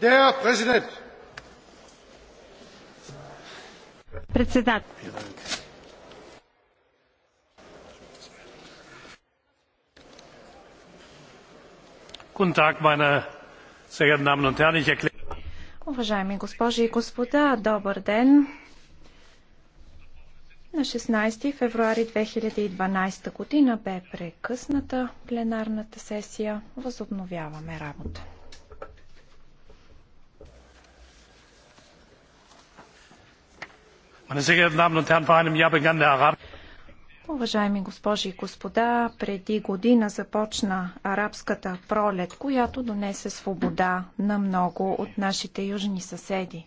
Der Präsident. Председател. Guten Tag, meine sehr geehrten Damen und Herren. Ich erkläre. Уважаеми госпожи и господа, добър ден! На 16 февруари 2012 година бе прекъсната пленарната сесия. Възобновяваме работа. Уважаеми госпожи и господа, преди година започна арабската пролет, която донесе свобода на много от нашите южни съседи.